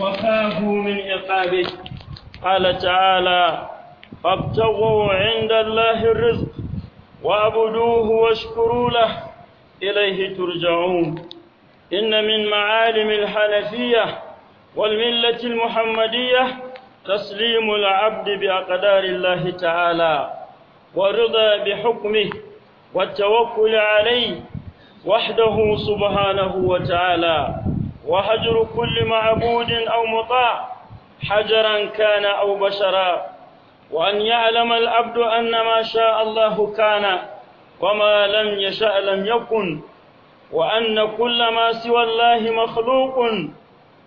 وخافوا من عقابه قال تعالى فابتغوا عند الله الرزق واعبدوه واشكروا له إليه ترجعون إن من معالم الحنفية والملة المحمدية تسليم العبد بأقدار الله تعالى ورضا بحكمه والتوكل عليه وحده سبحانه وتعالى وهجر كل معبود أو مطاع حجرا كان أو بشرا وأن يعلم العبد أن ما شاء الله كان وما لم يشأ لم يكن وأن كل ما سوى الله مخلوق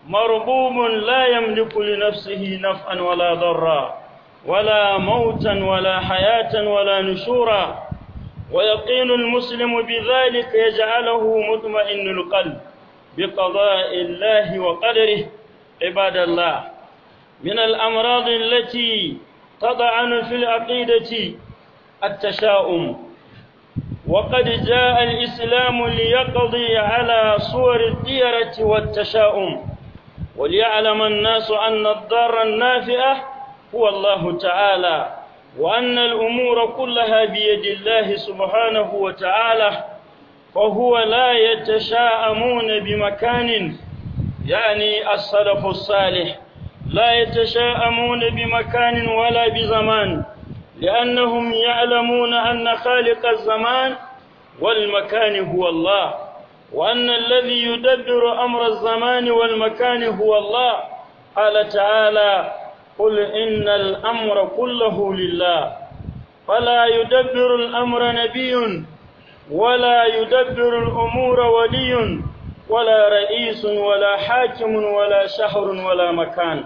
مربوب لا يملك لنفسه نفعا ولا ضرا ولا موتا ولا حياة ولا نشورا ويقين المسلم بذلك يجعله مطمئن القلب بقضاء الله وقدره عباد الله من الأمراض التي تطعن في العقيدة التشاؤم وقد جاء الإسلام ليقضي على صور الديرة والتشاؤم وليعلم الناس أن الضار النافع هو الله تعالى وأن الأمور كلها بيد الله سبحانه وتعالى وهو لا يتشاءمون بمكان يعني السلف الصالح لا يتشاءمون بمكان ولا بزمان لأنهم يعلمون أن خالق الزمان والمكان هو الله وأن الذي يدبر أمر الزمان والمكان هو الله قال تعالى قل إن الأمر كله لله فلا يدبر الأمر نبي ولا يدبر الأمور ولي ولا رئيس ولا حاكم ولا شهر ولا مكان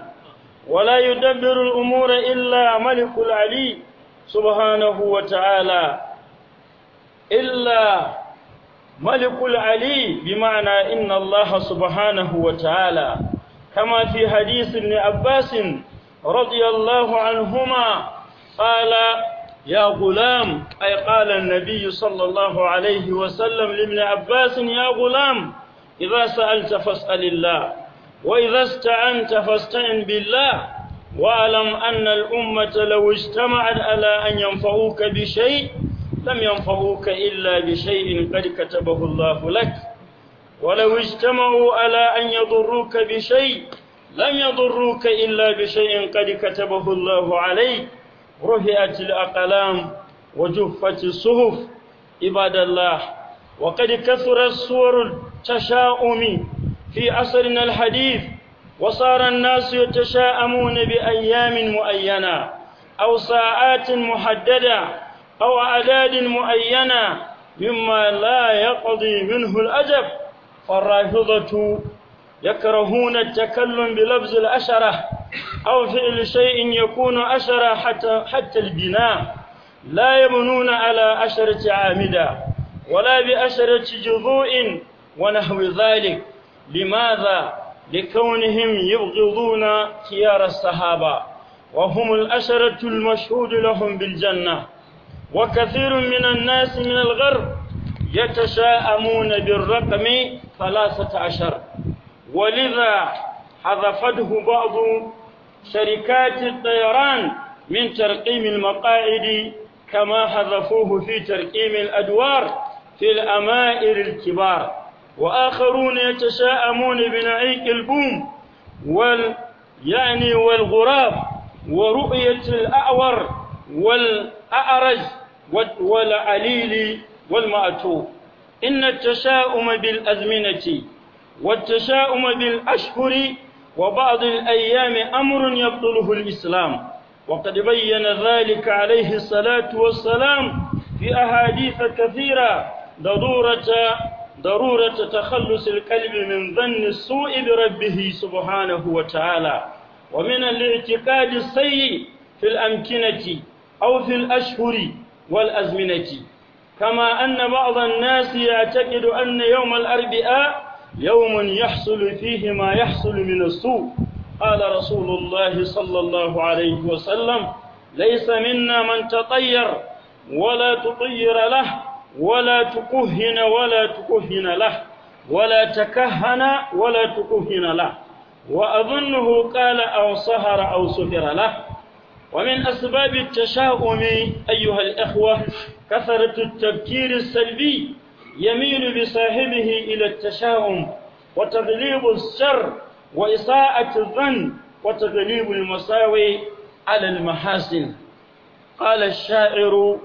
ولا يدبر الأمور إلا ملك العلي سبحانه وتعالى إلا ملك العلي بمعنى إن الله سبحانه وتعالى كما في حديث ابن عباس رضي الله عنهما قال يا غلام أي قال النبي صلى الله عليه وسلم لابن عباس يا غلام إذا سألت فاسأل الله وإذا استعنت فاستعن بالله واعلم أن الأمة لو اجتمعت على أن ينفعوك بشيء لم ينفعوك إلا بشيء قد كتبه الله لك ولو اجتمعوا على أن يضروك بشيء لم يضروك إلا بشيء قد كتبه الله عليك رفعت الأقلام وجفت الصحف عباد الله وقد كثرت الصور التشاؤم في عصرنا الحديث وصار الناس يتشاءمون بأيام مؤينة أو ساعات محددة أو أعداد مؤينة مما لا يقضي منه الأجب فالرافضة يكرهون التكلم بلفظ الأشرة أو فعل شيء يكون أشرة حتى, حتى البناء لا يبنون على أشرة عامدة ولا بأشرة جذوء ونحو ذلك لماذا؟ لكونهم يبغضون خيار الصحابة وهم الأشرة المشهود لهم بالجنة وكثير من الناس من الغرب يتشاءمون بالرقم ثلاثة عشر ولذا حذفته بعض شركات الطيران من ترقيم المقاعد كما حذفوه في ترقيم الأدوار في الأمائر الكبار وآخرون يتشاءمون بنعيق البوم وال يعني والغراب ورؤية الأعور والأعرج والعليل والمأتوب إن التشاؤم بالأزمنة والتشاؤم بالأشهر وبعض الأيام أمر يبطله الإسلام وقد بين ذلك عليه الصلاة والسلام في أحاديث كثيرة ضرورة ضرورة تخلص القلب من ظن السوء بربه سبحانه وتعالى ومن الاعتقاد السيء في الأمكنة أو في الأشهر والأزمنة كما أن بعض الناس يعتقد أن يوم الأربعاء يوم يحصل فيه ما يحصل من السوء قال رسول الله صلى الله عليه وسلم ليس منا من تطير ولا تطير له ولا تكهن ولا تكهن له ولا تكهن ولا تكهن له وأظنه قال أو سهر أو سهر له ومن أسباب التشاؤم أيها الإخوة كثرة التفكير السلبي يميل بصاحبه إلى التشاؤم وتغليب الشر وإساءة الظن وتغليب المساوي على المحاسن قال الشاعر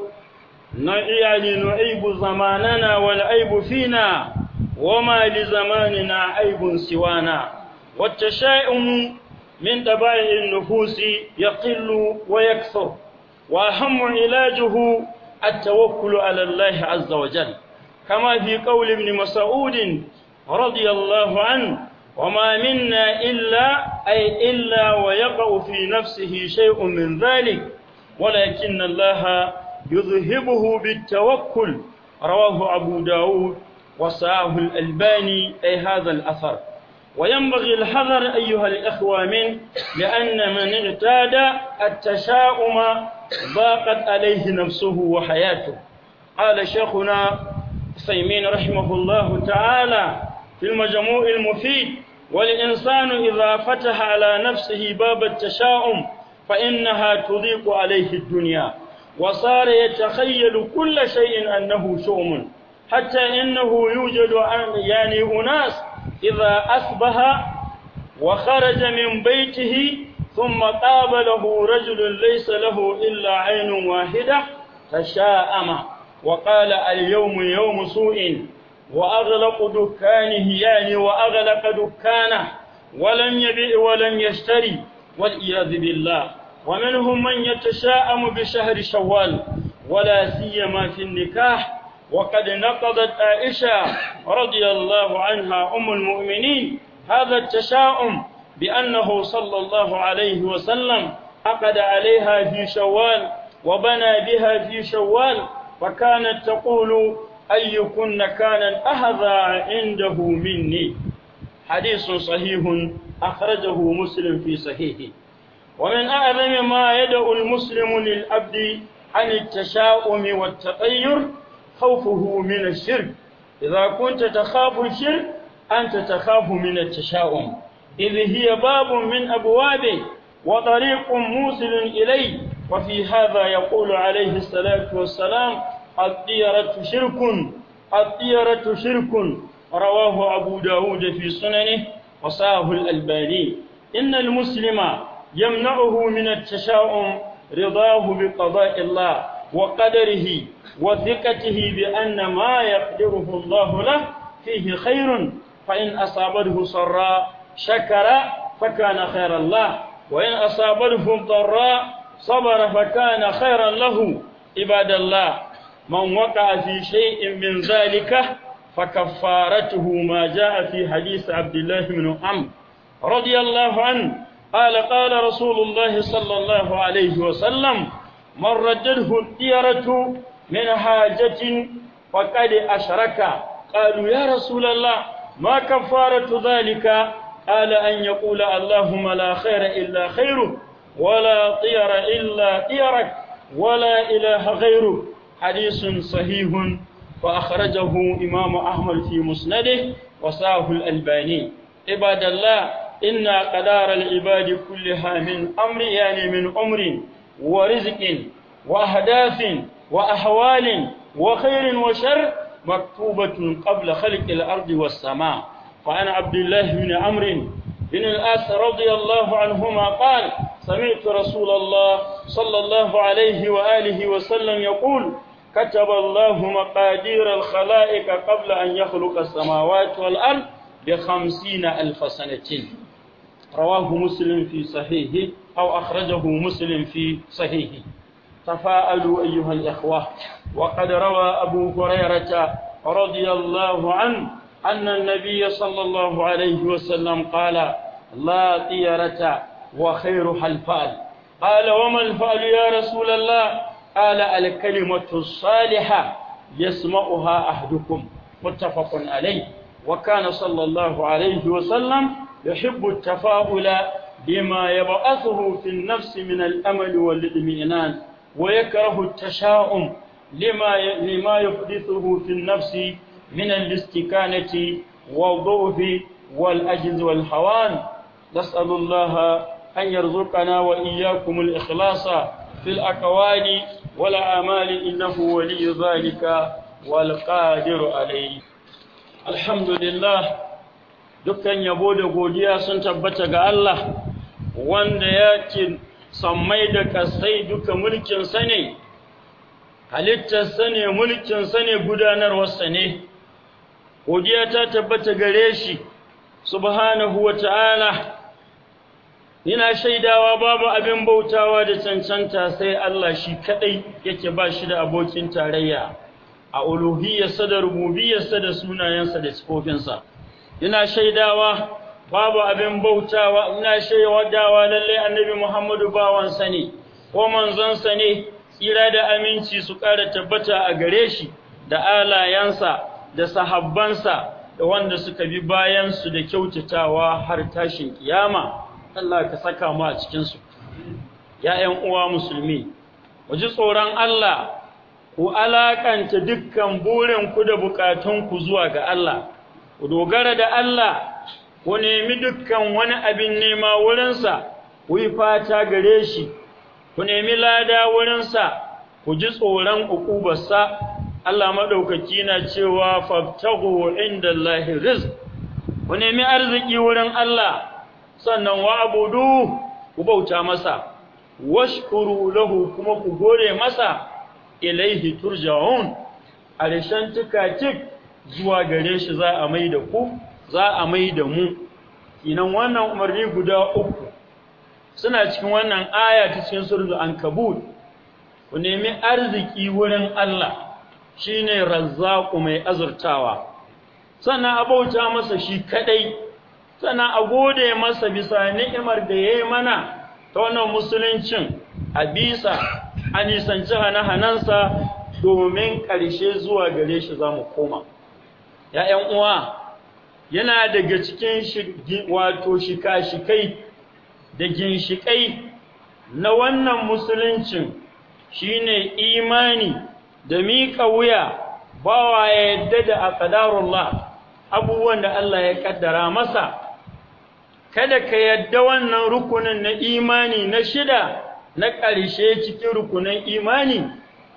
يعني نعيب زماننا والعيب فينا وما لزماننا عيب سوانا والتشاؤم من طبائع النفوس يقل ويكثر وأهم علاجه التوكل على الله عز وجل كما في قول ابن مسعود رضي الله عنه وما منا إلا أي إلا ويقع في نفسه شيء من ذلك ولكن الله يذهبه بالتوكل رواه أبو داود وصاه الألباني أي هذا الأثر وينبغي الحذر أيها الإخوة من لأن من اعتاد التشاؤم ضاقت عليه نفسه وحياته قال شيخنا سيمين رحمه الله تعالى في المجموع المفيد والإنسان إذا فتح على نفسه باب التشاؤم فإنها تضيق عليه الدنيا وصار يتخيل كل شيء أنه شؤم حتى إنه يوجد يعني أناس إذا أصبح وخرج من بيته ثم قابله رجل ليس له إلا عين واحدة تشاءم وقال اليوم يوم سوء وأغلق دكانه يعني وأغلق دكانه ولم يبيع ولم يشتري والعياذ بالله ومنهم من يتشاءم بشهر شوال ولا سيما في النكاح وقد نقضت عائشة رضي الله عنها أم المؤمنين هذا التشاؤم بأنه صلى الله عليه وسلم عقد عليها في شوال وبنى بها في شوال وكانت تقول أيكن كان أهذا عنده مني حديث صحيح أخرجه مسلم في صحيحه ومن أعظم ما يدعو المسلم للأبد عن التشاؤم والتغير خوفه من الشرك إذا كنت تخاف الشرك أنت تخاف من التشاؤم إذ هي باب من أبوابه وطريق موصل إليه وفي هذا يقول عليه الصلاة والسلام الطيرة شرك الطيرة شرك رواه أبو داود في سننه وصاه الألباني إن المسلم يمنعه من التشاؤم رضاه بقضاء الله وقدره وثقته بأن ما يقدره الله له فيه خير فإن أصابته سراء شكر فكان خير الله وإن أصابته ضراء صبر فكان خيرا له عباد الله من وقع في شيء من ذلك فكفارته ما جاء في حديث عبد الله بن عمرو رضي الله عنه قال قال رسول الله صلى الله عليه وسلم من رجته الديرة من حاجة فقد أشرك قالوا يا رسول الله ما كفارة ذلك قال أن يقول اللهم لا خير إلا خيره ولا طير إلا طيرك ولا إله غيرك حديث صحيح فأخرجه إمام أحمد في مسنده وصاه الألباني عباد الله إن قدار العباد كلها من أمر يعني من أمر ورزق وأهداف وأحوال وخير وشر مكتوبة قبل خلق الأرض والسماء فأنا عبد الله بن عمرو بن الأس رضي الله عنهما قال سمعت رسول الله صلى الله عليه وآله وسلم يقول كتب الله مقادير الخلائق قبل أن يخلق السماوات والأرض بخمسين ألف سنة رواه مسلم في صحيحه أو أخرجه مسلم في صحيحه تفاءلوا أيها الإخوة وقد روى أبو هريرة رضي الله عنه أن النبي صلى الله عليه وسلم قال لا طيرة وخيرها الفأل قال وما الفأل يا رسول الله قال الكلمة الصالحة يسمعها أحدكم متفق عليه وكان صلى الله عليه وسلم يحب التفاؤل بما يبعثه في النفس من الأمل والإطمئنان ويكره التشاؤم لما لما يحدثه في النفس من الاستكانة والضعف والأجز والهوان نسأل الله أن يرزقنا وإياكم الإخلاص في الأقوال والأعمال إنه ولي ذلك والقادر عليه الحمد لله dukkan yabo da godiya sun tabbata ga Allah wanda ya ce sammai da kasai duka mulkin sa ne halittar sa ne mulkin sa ne gudanarwar ne godiya ta tabbata gare shi subhanahu wata'ala ina shaidawa babu abin bautawa da cancanta sai Allah shi kadai yake ba shi da abokin tarayya a uluhiyyarsa da rububiyyarsa da sunayensa da sa ina shaidawa babu abin bautawa ina shaidawa lalle annabi Muhammadu bawansa ne ko manzonsa ne tsira da aminci su ƙara tabbata a gare shi da alayansa da sahabbansa da wanda suka bi bayan su da kyautatawa har tashin kiyama Allah ka saka mu a ya ‘ya'yan uwa musulmi waje tsoron Allah ku alaƙanta dukkan burin ku da ku zuwa ga Allah ku dogara da Allah ku nemi dukkan wani abin nema wurinsa ku yi fata gare shi ku nemi lada wurinsa ku ji tsoron ukubarsa Allah madaukaki na cewa inda Allah rizq ku nemi arziki wurin Allah sannan wa abudu ku bauta masa washkuru lahu kuma ku gode masa ilaihi turja'un alishan tukakik zuwa gare shi za a mai da ku za a mai da mu kinan wannan umarni guda uku suna cikin wannan aya ta cikin suratul ankabut ku nemi arziki wurin Allah Shi shine ku mai azurtawa sannan bauta masa shi kaɗai, sannan a gode masa bisa ni'imar da ya yi mana ta wannan musuluncin a bisa a nisanci hana-hanansa domin ƙarshe zuwa gare shi za mu koma ‘ya'yan uwa yana daga cikin wato shika-shikai da ginshiƙai na wannan musuluncin shi ne imani da miƙa wuya bawa ya yadda da aqdarullah abubuwan da Allah ya ƙaddara masa kada ka yadda wannan rukunin na imani na shida na ƙarshe cikin rukunin imani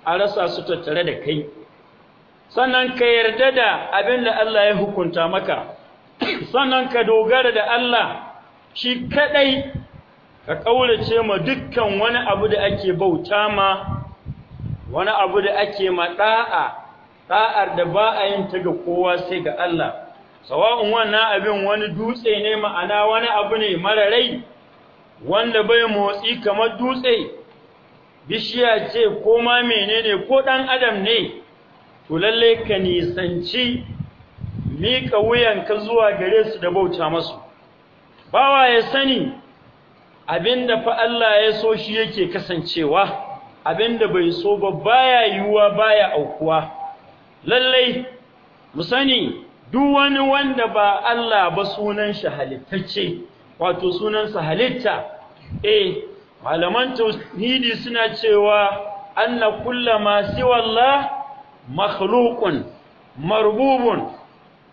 a rasa su tattare da kai sannan ka yarda da abin da Allah ya hukunta maka sannan ka dogara da Allah shi kaɗai ka ƙaurace ma dukkan wani abu da ake bauta ma wani abu da ake ma da'a da'ar da ba a yin ta ga kowa sai ga Allah sawa'un wannan abin wani dutse ne ma'ana wani abu ne mararai, wanda bai motsi kamar dutse bishiya ce ko ma menene ko dan adam ne to lalle ka nisanci mika ka zuwa gare su da bauta masu bawa ya sani abinda fa Allah ya so shi yake kasancewa Abin da bai so ba baya yiwuwa baya aukuwa lallai mu sani duk wani wanda ba Allah ba sunan shi halittacce wato sunansa halitta eh malaman tauhidi suna cewa anna ma siwa Allah makhluqun marbubun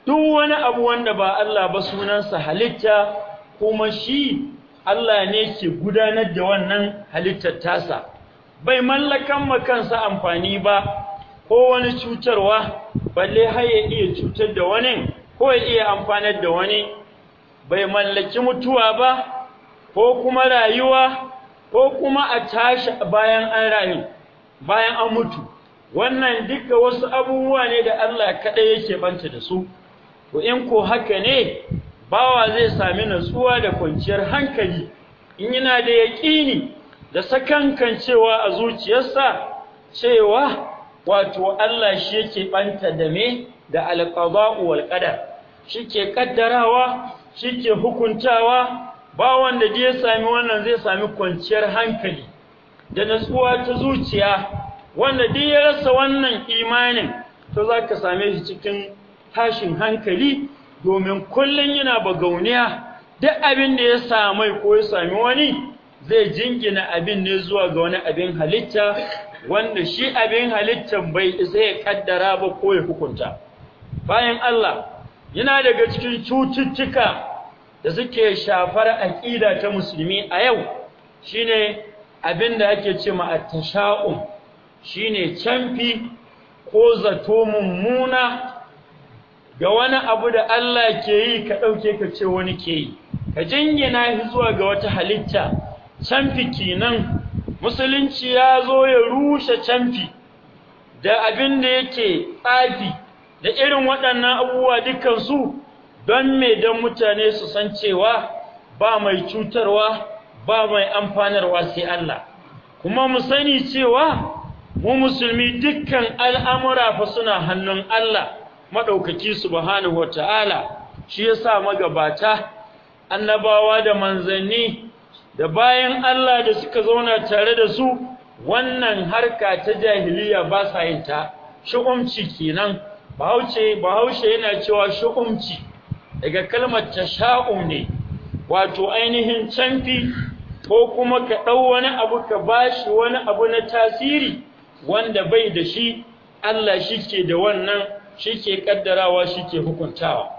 duk wani abu wanda ba Allah ba sunansa halitta kuma shi Allah ne ke gudanar da wannan halittar tasa bai mallakan ma kansa amfani ba ko wani cutarwa balle har ya iya cutar da wani ko ya iya amfanar da wani bai mallaki mutuwa ba ko kuma rayuwa ko kuma a tashi bayan an rayu bayan an mutu wannan duka wasu abubuwa ne da Allah kaɗai yake banta da su to in ko haka ne bawa zai sami nutsuwa da kwanciyar hankali in yana da yaƙini da sakankan cewa a zuciyarsa cewa wato Allah shi yake banta da me da alqada'u wal qadar shi ke kaddarawa shi ke hukuntawa ba wanda da ya sami wannan zai sami kwanciyar hankali da nasuwa ta zuciya wanda duk ya rasa wannan imanin to zaka same shi cikin tashin hankali domin kullum yana bagauniya duk abin da ya sami ko ya sami wani zai jingina abin ne zuwa ga wani abin halitta wanda shi abin halittan bai isa ya kaddara ba ko ya hukunta bayan Allah yana daga cikin cututtuka da suke shafar aqida ta musulmi a yau shine abin da ake ce ma at-tasha'um shine canfi ko zato mummuna ga wani abu da Allah ke yi ka dauke ka ce wani ke yi ka jingina zuwa ga wata halitta canfi kenan musulunci ya zo ya rushe canfi da abin da yake tsafi da irin waɗannan abubuwa dukansu don mai don mutane su san cewa ba mai cutarwa ba mai amfanarwa sai Allah kuma mu sani cewa mu musulmi dukkan al'amura fa suna hannun Allah maɗaukaki subhanahu wata'ala shi yasa magabata annabawa da manzanni da bayan Allah da suka zauna tare da su wannan harka ta jahiliya ba sa yin ta shu'umci kenan bahaushe bahaushe yana cewa shu'umci daga kalmar Tasha'u ne wato ainihin canfi ko kuma ka ɗau wani abu ka bashi wani abu na tasiri wanda bai da shi Allah shi ke da wannan shi ke ƙaddarawa shi ke hukuntawa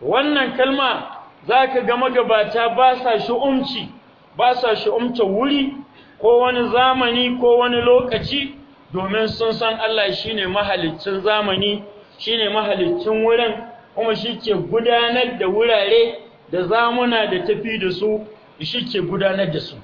wannan kalma za ka ga magabata ba sa shu'umci ba sa shi'umta wuri ko wani zamani ko wani lokaci domin sun san Allah shi ne mahalicin zamani shi ne mahalicin wurin kuma shi ke gudanar da wurare da zamuna da tafi da su shi ke gudanar da su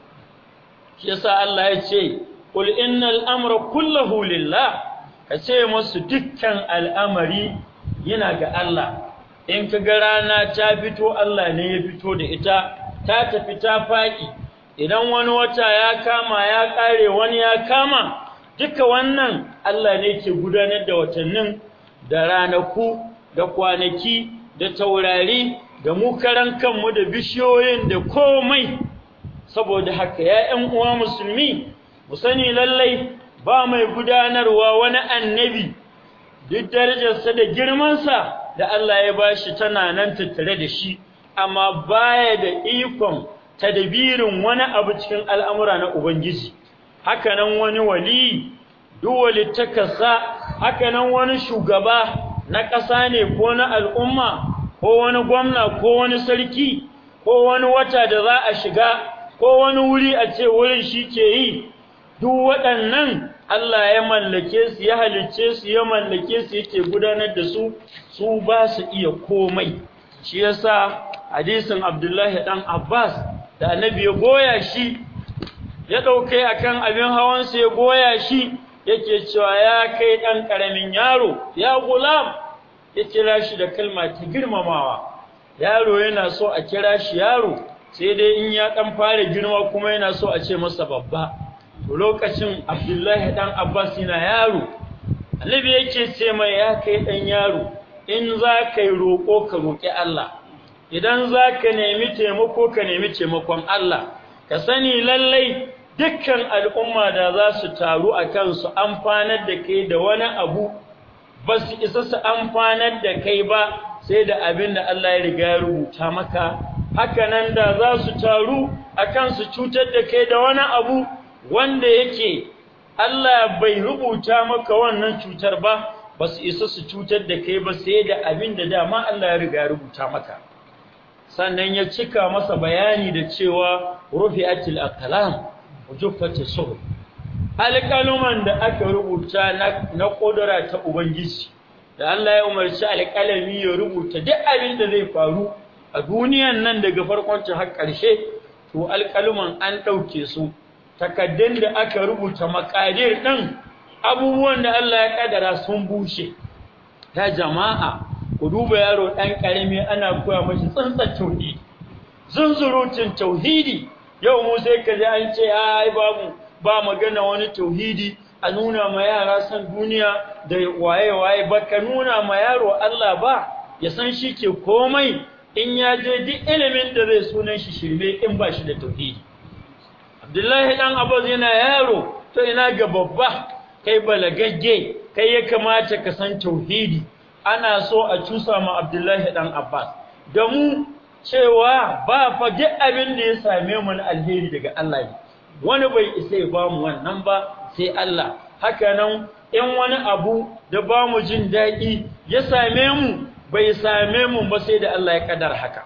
shi yasa Allah ya ce kul innal amra kullahu lillah ka ce musu dukkan al'amari yana ga Allah in ka ga rana ta fito Allah ne ya fito da ita ta tafi ta faɗi idan wani wata ya kama ya ƙare wani ya kama duka wannan Allah ne ke gudanar da watannin da ranaku da kwanaki da taurari da mu karan kanmu da bishiyoyin da komai saboda haka ya ƴan uwa musulmi mu sani lallai ba mai gudanarwa wani annabi duk darajarsa da girmansa da Allah ya bashi tana nan tattare da shi amma baya da ikon tadbirin wani abu cikin al'amura na ubangiji Hakanan wani wali duwali ta haka nan wani shugaba na ƙasa ne ko na al'umma ko wani gwamna ko wani sarki ko wani wata da za a shiga ko wani wuri a ce wurin shi ke yi duk waɗannan Allah ya mallake su ya halicce su ya mallake su yake gudanar da su su ba su iya komai shi yasa hadisin Abdullahi dan Abbas da annabi ya goya shi ya dauke akan abin hawansa ya goya shi yake cewa ya kai ɗan ƙaramin yaro ya gulam ya kira shi da kalma ta girmamawa yaro yana so a kira shi yaro sai dai in ya ɗan fara girma kuma yana so a ce masa babba To lokacin abdullahi ɗan abbas yana yaro annabi yake ce mai ya kai ɗan yaro in za ka yi roƙo ka roƙi allah idan za ka nemi taimako ka nemi taimakon Allah ka sani lallai dukkan al'umma da za su taru a kansu amfanar da kai da wani abu ba su isa su amfanar da kai ba sai da abin da Allah ya riga ya rubuta maka hakanan da za su taru a kansu cutar da kai da wani abu wanda yake Allah bai rubuta maka wannan cutar ba ba su isa su cutar da kai ba sai da abin da dama Allah ya riga ya rubuta maka sannan ya cika masa bayani da cewa rufi'atil aqlam wajuffatis suhul alƙaluman da aka rubuta na kodara ta ubangiji da Allah ya umarci alƙalami ya rubuta duk abin da zai faru a duniyan nan daga farkon ta har karshe to alkaluman an ɗauke su takaddun da aka rubuta makadir ɗin abubuwan da Allah ya ƙadara sun bushe ya jama'a ku duba yaro ɗan ƙarami ana koya mashi tsantsar tauhidi zunzurutun tauhidi yau mu sai ka ji an ce ai babu ba magana wani tauhidi a nuna ma yara san duniya da waye-waye ba ka nuna ma yaro Allah ba ya san shi ke komai in ya je duk ilimin da zai sunan shi shirme in ba shi da tauhidi Abdullahi dan Abbas yana yaro to ina ga babba kai balagagge kai ya kamata ka san tauhidi ana so a cusa ma Abdullahi Ɗan Abbas da mu cewa ba fa abin da ya same mu na alheri daga Allah ne wani bai isa ya bamu wannan ba sai Allah haka nan in wani abu da ba mu jin daɗi ya same mu bai same mu ba sai da Allah ya kadar haka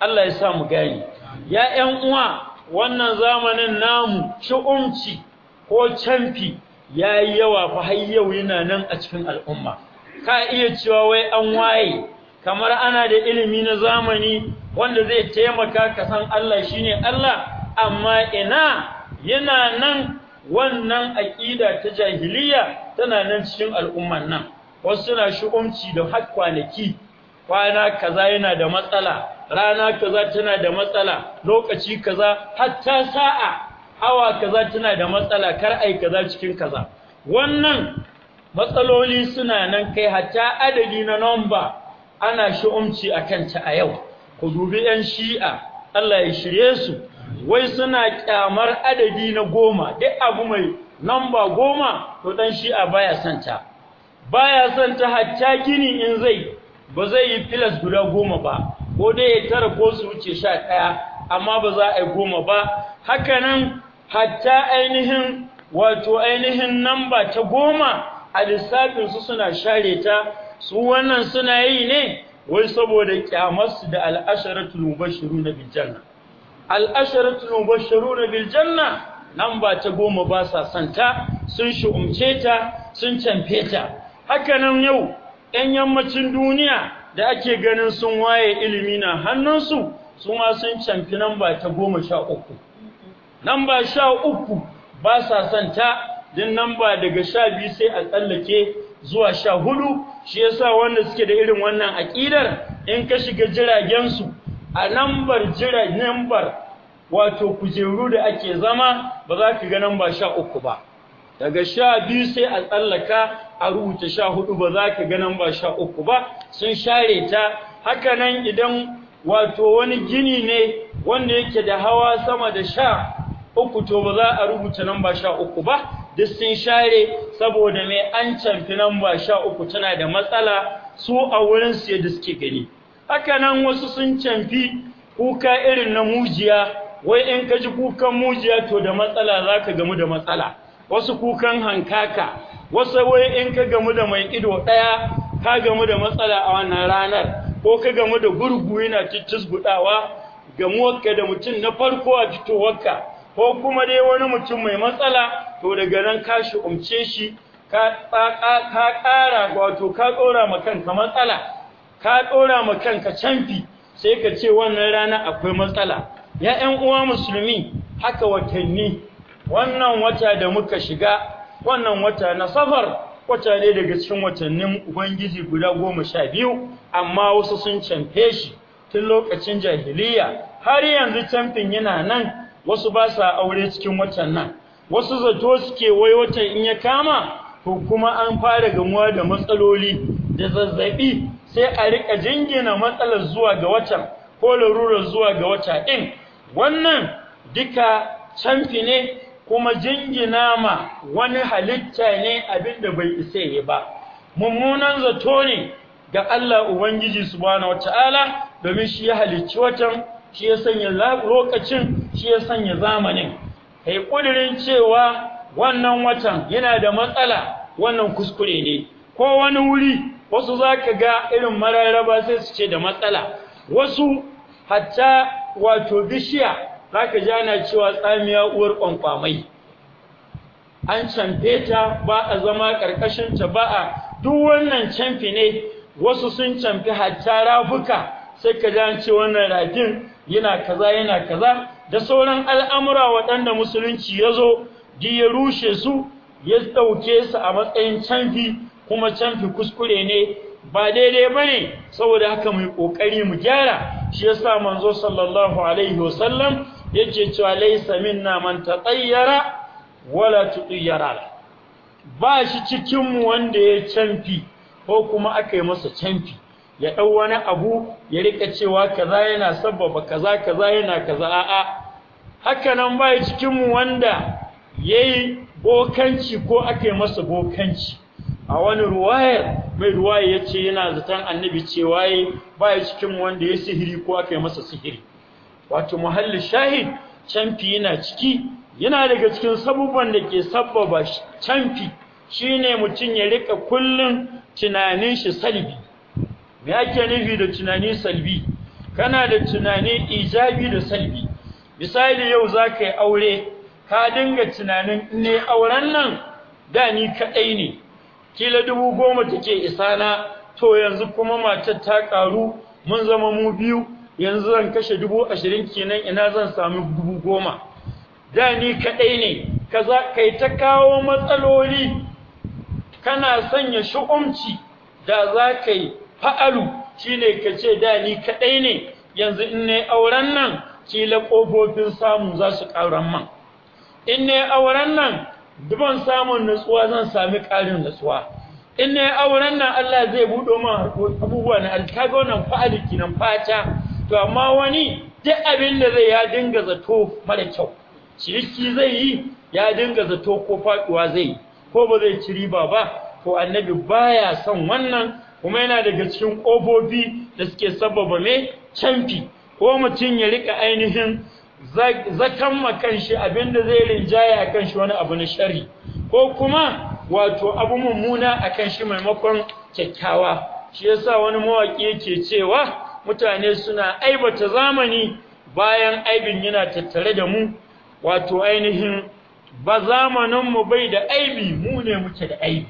Allah ya sa mu gani ya 'yan uwa wannan zamanin namu shi'umci ko canfi yi yawa fa har yau yana nan a cikin al'umma ka iya cewa wai an waye kamar ana da ilimi na zamani wanda zai taimaka ka san Allah shine Allah amma ina yana nan wannan aƙida ta jahiliya tana nan cikin al'umman nan wasu suna shu'umci da har kwana kaza yana da matsala rana kaza tana da matsala lokaci kaza hatta sa'a awa kaza tana da matsala kar ai kaza cikin kaza wannan matsaloli suna nan kai hatta adadi na nomba ana shi'umci a kanta a yau ku dubi 'yan shi'a Allah ya shirye su wai suna kyamar adadi na goma duk abu mai nomba goma to dan shi'a baya santa baya santa hatta gini in zai ba zai yi filas guda goma ba ko dai ya tara ko su wuce sha ɗaya amma ba za a yi goma ba Haka nan, hatta ainihin wato ainihin namba ta goma a lissafinsu suna share ta su wannan suna yi ne wai saboda kyamarsu da al'asharatul mubashiruna bil janna al'asharatul mubashiruna bil janna nan ba ta goma ba sa santa sun shi'umce ta sun canfe ta haka nan yau 'yan yammacin duniya da ake ganin sun waye ilimi na hannunsu su ma sun canfi nan ba ta goma sha uku nan ba sha uku ba sa santa din nan ba daga sha biyu sai a tsallake zuwa sha hudu shi yasa wanda suke da irin wannan aƙidar in ka shiga jiragensu a lambar jiragen bar wato kujeru da ake zama ba za ka ga namba sha uku ba daga sha biyu sai a tsallaka a rubuta sha hudu ba za ka ga namba sha uku ba sun share ta haka nan idan wato wani gini ne wanda yake da hawa sama da sha uku to ba za a rubuta namba sha uku ba duk sun share saboda mai an canfi namba sha uku tana da matsala su a wurin siya da suke gani haka nan wasu sun canfi kuka irin na mujiya wai in ka ji kukan mujiya to da matsala za ka gamu da matsala wasu kukan hankaka wasu wai in ka gamu da mai ido ɗaya ka gamu da matsala a wannan ranar ko ka gamu da gurgu yana ciccisgudawa gamuwarka da mutum na farko a fitowarka ko kuma dai wani mutum mai matsala to daga nan ka shi umce shi ka ƙara wato ka ɗora ma kanka matsala ka ɗora ma kanka canfi sai ka ce wannan rana akwai matsala ya ƴan uwa musulmi haka watanni wannan wata da muka shiga wannan wata na safar wata ne daga cikin watannin ubangiji guda goma sha biyu amma wasu sun canfe shi tun lokacin jahiliya har yanzu canfin yana nan wasu ba sa aure cikin watan nan wasu zato suke wai watan in ya kama to kuma an fara gamuwa da matsaloli da zazzabi sai a rika jingina matsalar zuwa ga watan ko larurar zuwa ga wata din wannan duka canfi ne kuma jingina ma wani halitta ne abinda bai isa yi ba mummunan zato ne ga Allah Ubangiji subhanahu wataala domin shi ya halicci watan shi ya sanya lokacin shi ya sanya zamanin kai kudirin cewa wannan watan yana da matsala wannan kuskure ne ko wani wuri wasu zaka ga irin mararraba sai su ce da matsala wasu hatta wato bishiya zaka ji ana cewa tsamiya uwar kwankwamai an canfe ta ba a zama karkashin ta ba a duk wannan canfi ne wasu sun canfi hatta rafuka sai ka ji an wannan rafin yana kaza yana kaza da sauran al'amura waɗanda musulunci ya zo di ya rushe su ya ɗauke su a matsayin canfi kuma canfi kuskure ne ba daidai ba ne saboda haka mai ƙoƙari mu gyara shi ya yasa manzo sallallahu alaihi wasallam yake cewa laisa minna man tatayyara wala tutayyara ba shi cikin mu wanda ya canfi ko kuma aka yi masa canfi ya ɗau wani abu ya rika cewa kaza yana sabbaba kaza kaza yana kaza a'a haka nan bai cikinmu wanda ya yi bokanci ko aka yi masa bokanci a wani ruwayar mai ruwaya ya ce yana zaton annabi cewa ya bai cikinmu wanda ya sihiri ko aka yi masa sihiri wato muhalli shahid canfi yana ciki yana daga cikin sabubban da ke sabbaba canfi shine mutum ya rika kullum tunanin shi salbi me ake nufi da tunani salbi kana da tunani ijabi da salbi misali yau za ka yi aure ka dinga tunanin ne auren nan da ni kadai ne kila dubu goma take na, to yanzu kuma matar ta ƙaru mun zama mu biyu yanzu zan kashe dubu ashirin kenan ina zan samu dubu goma da ni kadai ne kaza kai ta kawo matsaloli kana sanya shu'umci da za ka yi fa'alu shine kace da ni kadai ne yanzu in ne auren nan kila kofofin samu za su ƙauran man in ne auren nan duban samun nutsuwa zan sami ƙarin nutsuwa in ne auren nan Allah zai buɗo man abubuwa na alkago nan fa'alu kinan fata to amma wani duk abin da zai ya dinga zato mara kyau ciriki zai yi ya dinga zato ko faɗuwa zai yi ko ba zai ci riba ba to annabi baya son wannan kuma yana daga cikin ƙofofi da suke sababa mai canfi ko mutum ya rika ainihin zakan makan shi abinda zai rinjaya a kan shi wani abu na shari ko kuma wato abu mummuna a kan shi maimakon kyakkyawa shi yasa wani mawaƙi yake cewa mutane suna aibata zamani bayan aibin yana tattare da mu wato ainihin ba zamaninmu bai da aibi mu ne muke da aibi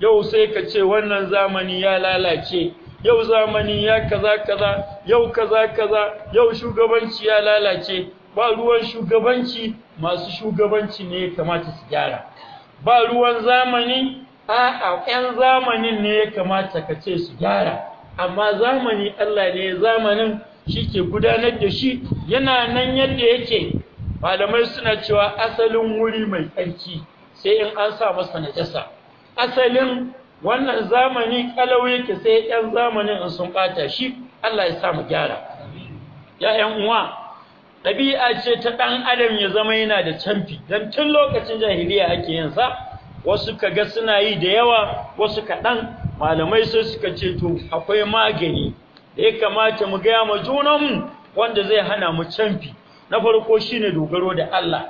yau sai ka ce wannan zamani ya lalace yau zamani ya kaza kaza yau kaza kaza yau shugabanci ya lalace ba ruwan shugabanci masu shugabanci ne ya kamata su gyara ba ruwan zamani a'a 'yan zamanin ne ya kamata ka ce su gyara amma zamani Allah ne zamanin shi ke gudanar da shi yana nan yadda yake malamai suna cewa asalin wuri mai tsarki sai in an sa masa najasa asalin wannan zamani kalau yake sai yan zamanin in sun bata shi Allah ya sa mu gyara ya yan uwa ɗabi'a ce ta ɗan adam ya zama yana da canfi don tun lokacin jahiliya ake yin sa wasu ka ga suna yi da yawa wasu kaɗan malamai sai suka ce to akwai magani da ya kamata mu gaya ma junanmu wanda zai hana mu canfi na farko shine dogaro da Allah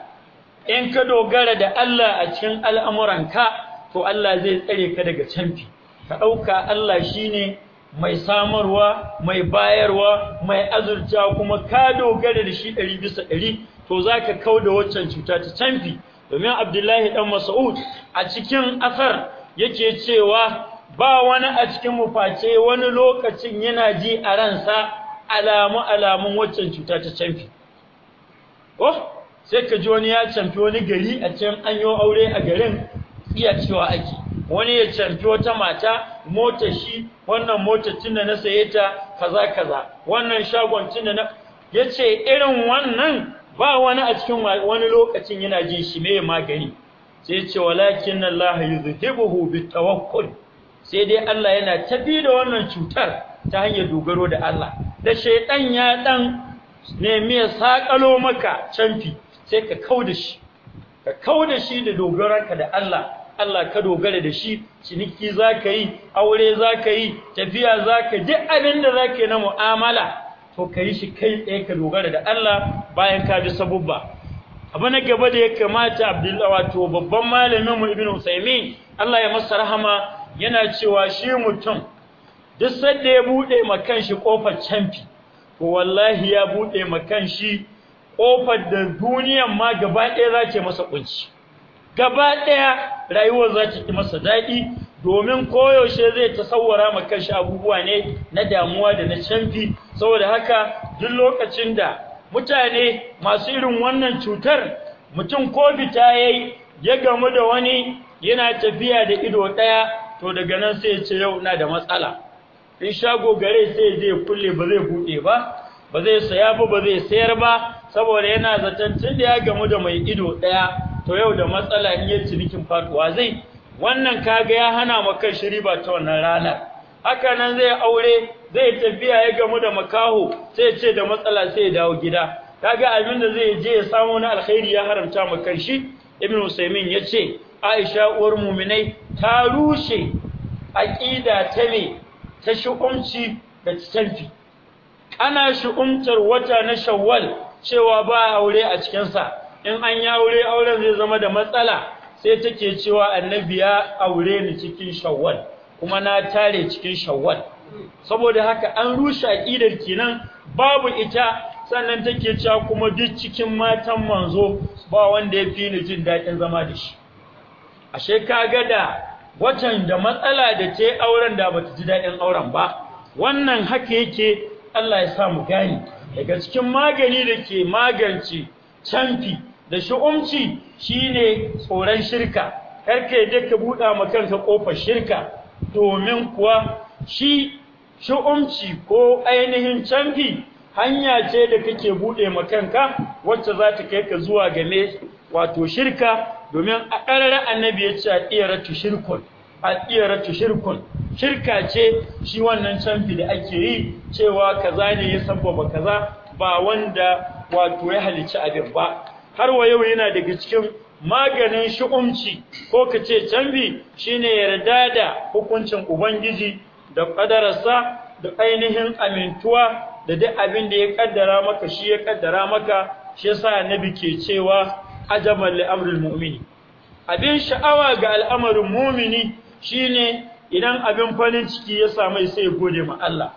in ka dogara da Allah a cikin al'amuranka to Allah zai tsare ka daga canfi ka ɗauka Allah shine mai samarwa mai bayarwa mai azurta kuma ka dogara da shi ɗari bisa ɗari to za ka kau da waccan cuta ta canfi domin abdullahi ɗan mas'ud a cikin asar yake cewa ba wani a cikin mu face wani lokacin yana ji a ransa alamu alamun waccan cuta ta canfi oh sai ka ji wani ya canfi wani gari a can an yi aure a garin iya cewa ake wani ya canfi wata mata mota shi wannan mota tunda na saye ta kaza kaza wannan shagon tunda na yace irin wannan ba wani a cikin wani lokacin yana jin shi mai magani sai yace walakin Allah yuzhibuhu tawakkul sai dai Allah yana tafi da wannan cutar ta hanyar dogaro da Allah da shaytan ya dan nemi ya sakalo maka canfi sai ka kauda shi ka kauda shi da dogaranka da Allah Allah ka dogara da shi ciniki za ka yi aure za ka yi tafiya za ka duk abin da za ka yi na mu'amala to ka yi shi kai ɗaya ka dogara da Allah bayan ka bi sabubba abu na gaba da ya kamata abdullahi wato babban malamin mu ibnu usaimin Allah ya masa rahama yana cewa shi mutum duk sanda ya bude makan shi kofar canfi to wallahi ya bude makan shi kofar da duniyan ma gaba ɗaya za ce masa kunci gaba ɗaya rayuwar za ta yi masa daɗi domin koyaushe zai tasawwara ma kanshi abubuwa ne na damuwa da na canfi saboda haka duk lokacin da mutane masu irin wannan cutar mutum ko fita yayi ya gamu da wani yana tafiya da ido ɗaya to daga nan sai ce yau na da matsala in shago gare sai zai kulle ba zai buɗe ba ba zai saya ba ba zai sayar ba saboda yana zaton tun da ya gamu da mai ido ɗaya to yau da matsala in yi cinikin faduwa zai wannan kaga ya hana maka shiri ba ta wannan rana. haka nan zai aure zai tafiya ya gamu da makaho sai ce da matsala sai ya dawo gida kaga abin da zai je ya samu na alkhairi ya haramta ma kanshi ibn usaymin yace aisha uwar mu'minai ta rushe aqida ta ne ta shukumci da tsanfi ana shukumtar wata na shawwal cewa ba aure a cikin sa in an ya aure auren zai zama da matsala sai take cewa annabi ya aure ni cikin shawwal kuma na tare cikin shawwal saboda haka an rushe aqidar kenan babu ita sannan take cewa kuma duk cikin matan manzo ba wanda ya fi ni jin daɗin zama da shi ashe kaga da watan da matsala da ce auren da bata ji daɗin auren ba wannan haka yake Allah ya sa mu gani daga cikin magani da ke magance canfi da shu'umci shine tsoron shirka karka yadda ka buɗa ma kanka shirka domin kuwa shi shu'umci ko ainihin canfi hanya ce da kake buɗe ma wacce za ta kai ka zuwa game wato shirka domin a ƙarar annabi ya ce a ɗiyaratu shirkun a shirkun shirka ce shi wannan canfi da ake yi cewa kaza ne ya sabbaba kaza ba wanda wato ya halicci abin ba har wa yau yana daga cikin maganin shukumci ko kace canbi shine yarda da hukuncin ubangiji da kadararsa da ainihin amintuwa da duk abin da ya kaddara maka shi ya kaddara maka shi yasa annabi ke cewa ajamal li amril mu'mini abin sha'awa ga al'amarin mu'mini shine idan abin farin ciki ya samu sai ya gode ma Allah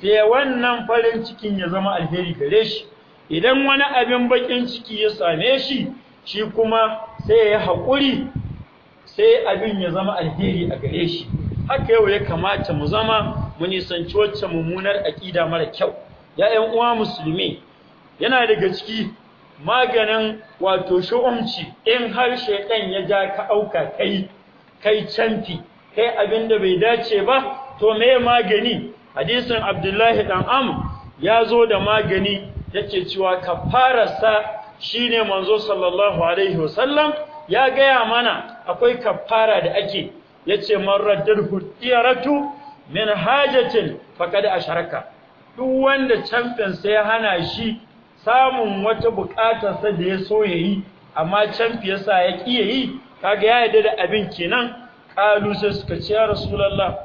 sai wannan farin cikin ya zama alheri gare shi idan wani abin bakin ciki ya same shi shi kuma sai ya haƙuri sai abin ya zama alheri a gare shi haka yau ya kamata mu zama mu nisanci wacce mummunar aƙida mara kyau ya'yan uwa musulmi yana daga ciki maganin wato shu'umci in har ɗan ya ja ka auka kai kai canfi kai abin da bai dace ba to me magani hadisin abdullahi dan am ya zo da magani yake cewa kafararsa shine manzo sallallahu alaihi wasallam ya gaya mana akwai kafara da ake yace man raddadhu min hajatin faqad asharaka duk wanda champion sai hana shi samun wata sa da ya so yayi amma champion sa ya yi, yi kaga ya yarda da abin kenan kalu sai suka ce ya rasulullah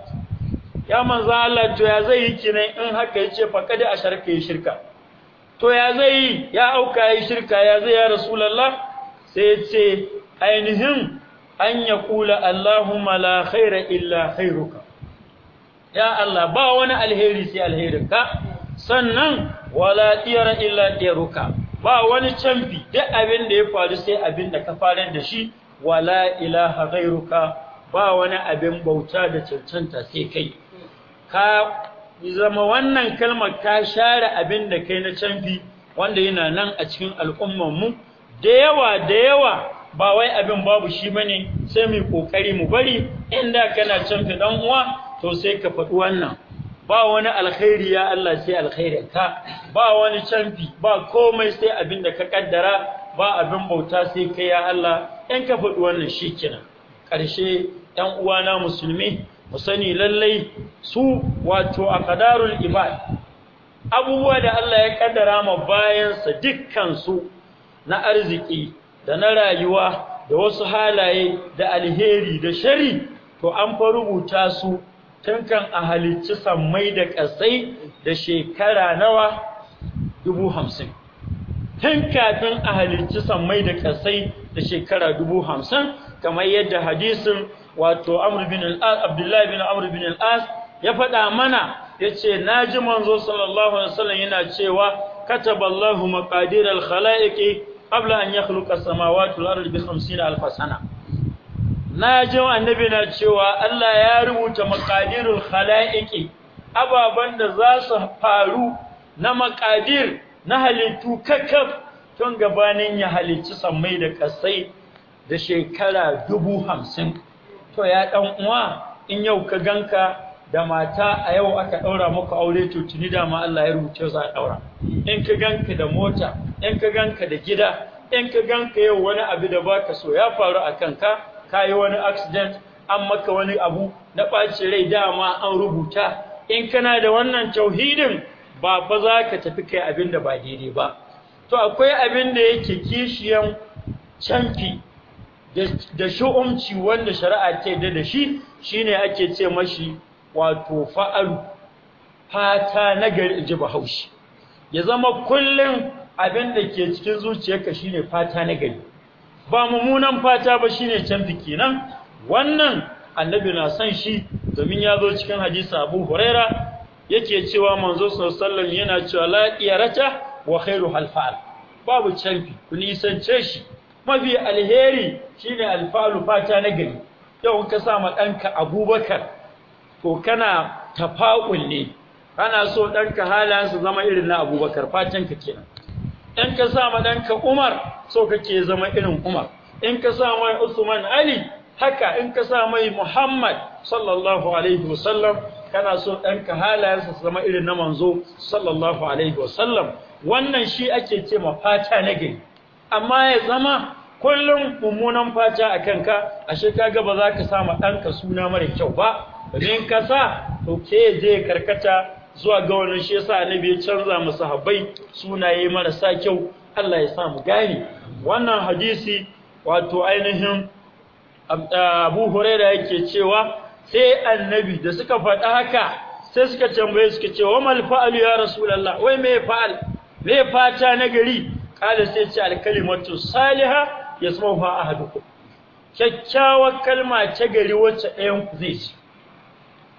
ya manzo Allah to ya zai yi kenan in haka yace faqad asharaka ya shirka to ya zai ya auka ya shirka ya zai ya rasulallah sai ce ainihin an ya kula Allahumma la khaira illa khairuka ya Allah ba wani alheri sai alherinka sannan wala tiyara illa tiyaruka ba wani canfi duk abin da ya faru sai abin da ka farar da shi wala ilaha ghairuka ba wani abin bauta da cancanta sai kai ka zama wannan kalmar ka share abin da kai na canfi wanda yana nan a cikin al'ummarmu da yawa da yawa ba wai abin babu shi bane sai mu kokari mu bari inda kana canfi dan uwa to sai ka faɗi wannan ba wani alkhairi ya Allah sai alkhairi ka ba wani canfi ba komai sai abin da ka kaddara ba abin bauta sai kai ya Allah in ka faɗi wannan shikenan ƙarshe ɗan uwana musulmi mu sani lallai su wato a kadarul ibad abubuwa da Allah ya kaddara ma bayansa dukkan su na arziki da na rayuwa da wasu halaye da alheri da shari to an fa rubuta su tunkan a halicci sammai da ƙasai da shekara nawa dubu tun kafin a halicci sammai da ƙasai da shekara dubu kamar yadda hadisin wato amr bin al-as abdullahi bin amr bin al-as ya faɗa mana yace naji manzo sallallahu alaihi wasallam yana cewa kataballahu maqadir al-khalaiqi qabla an yakhluqa samawati wal ardi bi 50000 sana naji annabi na cewa Allah ya rubuta maqadirul khalaiqi ababan da za su faru na maqadir na halittu kakkab tun gabanin ya halicci sammai da kasai da shekara dubu hamsin to ya ɗan uwa in yau ka ganka da mata a yau aka ɗaura muku aure to tuni da ma Allah ya rubuce za a ɗaura in ka ganka da mota in ka ganka da gida in ka ganka yau wani abu da baka so ya faru a kanka ka yi wani accident an maka wani abu na ɓaci rai dama an rubuta in kana da wannan tauhidin ba fa za ka tafi kai abin da ba daidai ba to akwai abin da yake kishiyan canfi da shu'umci wanda shari'a ce da da shi shine ake ce mashi wato fa'alu fata nagari gari ji bahaushe ya zama kullum abin da ke cikin zuciyarka shine fata nagari. gari ba mummunan fata ba shine canfi kenan wannan annabi na son shi domin ya zo cikin hadisi abu huraira yake cewa manzo sallallahu yana cewa la'iyarata wa khairu halfa'al babu canfi kun isance shi mafi alheri shine alfalu fata na gari yau ka sa ma ɗanka abubakar to kana tafa'ul ne kana so ɗanka halayen su zama irin na abubakar fatan ka kenan in ka sa ma ɗanka umar so kake zama irin umar in ka sa mai usman ali haka in ka sa mai muhammad sallallahu alaihi wasallam kana so ɗanka halayen su zama irin na manzo sallallahu alaihi wasallam wannan shi ake ce ma fata na gari amma ya zama kullum mummunan fata a kanka a kaga ba za ka sama ɗanka suna mara kyau ba domin ka sa to ke zai karkata zuwa ga wani shi yasa annabi ya canza musu habbai sunaye marasa kyau Allah ya sa mu gane wannan hadisi wato ainihin Abu Huraira yake cewa sai annabi da suka faɗa haka sai suka tambaye suka ce wa mal fa'al ya rasulullah wai me fa'al me fata na gari kala sai ce al kalimatu Ya hadu ahadukum kyakkyawar kalma ta gari wacce ɗayan ku zai ci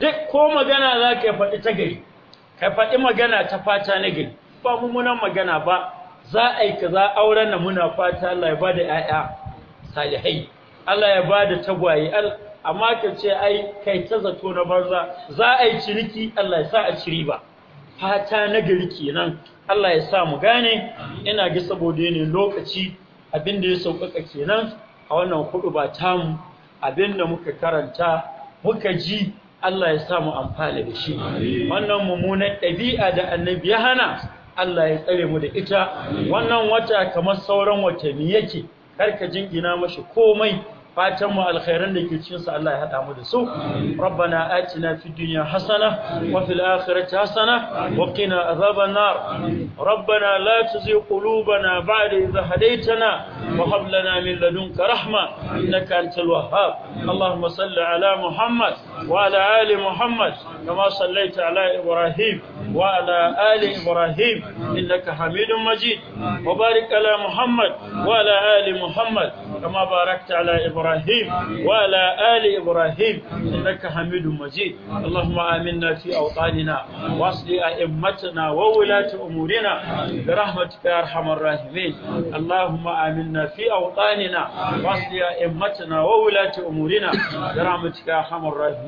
duk ko magana za ka faɗi ta gari ka faɗi magana ta fata na gari ba mummunan magana ba za a yi kaza auren na muna fata Allah ya ba da ‘ya'ya salihai Allah ya ba da tagwaye amma ka ce ai kai ta zato na banza za a yi ciniki Allah ya sa a ciri ba fata na gari kenan Allah ya sa mu gane ina ga saboda yanayin lokaci abin da ya sauƙaƙa kenan a wannan hudu ba tamu abin da muka karanta muka ji Allah ya samu amfani da shi wannan mummunan ɗabi'a da annabi ya hana Allah ya tsare mu da ita wannan wata kamar sauran watanni yake karka jingina mashi komai fatan mu alkhairan da ke cikin su Allah ya hada mu da su rabbana atina fid dunya hasana wa fil akhirati hasana wa qina azaban nar rabbana la tuzigh qulubana ba'da idh hadaytana wa hab lana min ladunka rahma innaka antal wahhab allahumma salli ala muhammad وعلى آل محمد كما صليت على إبراهيم وعلى آل إبراهيم إنك حميد مجيد وبارك على محمد وعلى آل محمد كما باركت على إبراهيم وعلى آل إبراهيم إنك حميد مجيد اللهم آمنا في أوطاننا واصل أئمتنا وولاة أمورنا برحمتك يا أرحم الراحمين اللهم آمنا في أوطاننا واصل أئمتنا وولاة أمورنا برحمتك يا أرحم الراحمين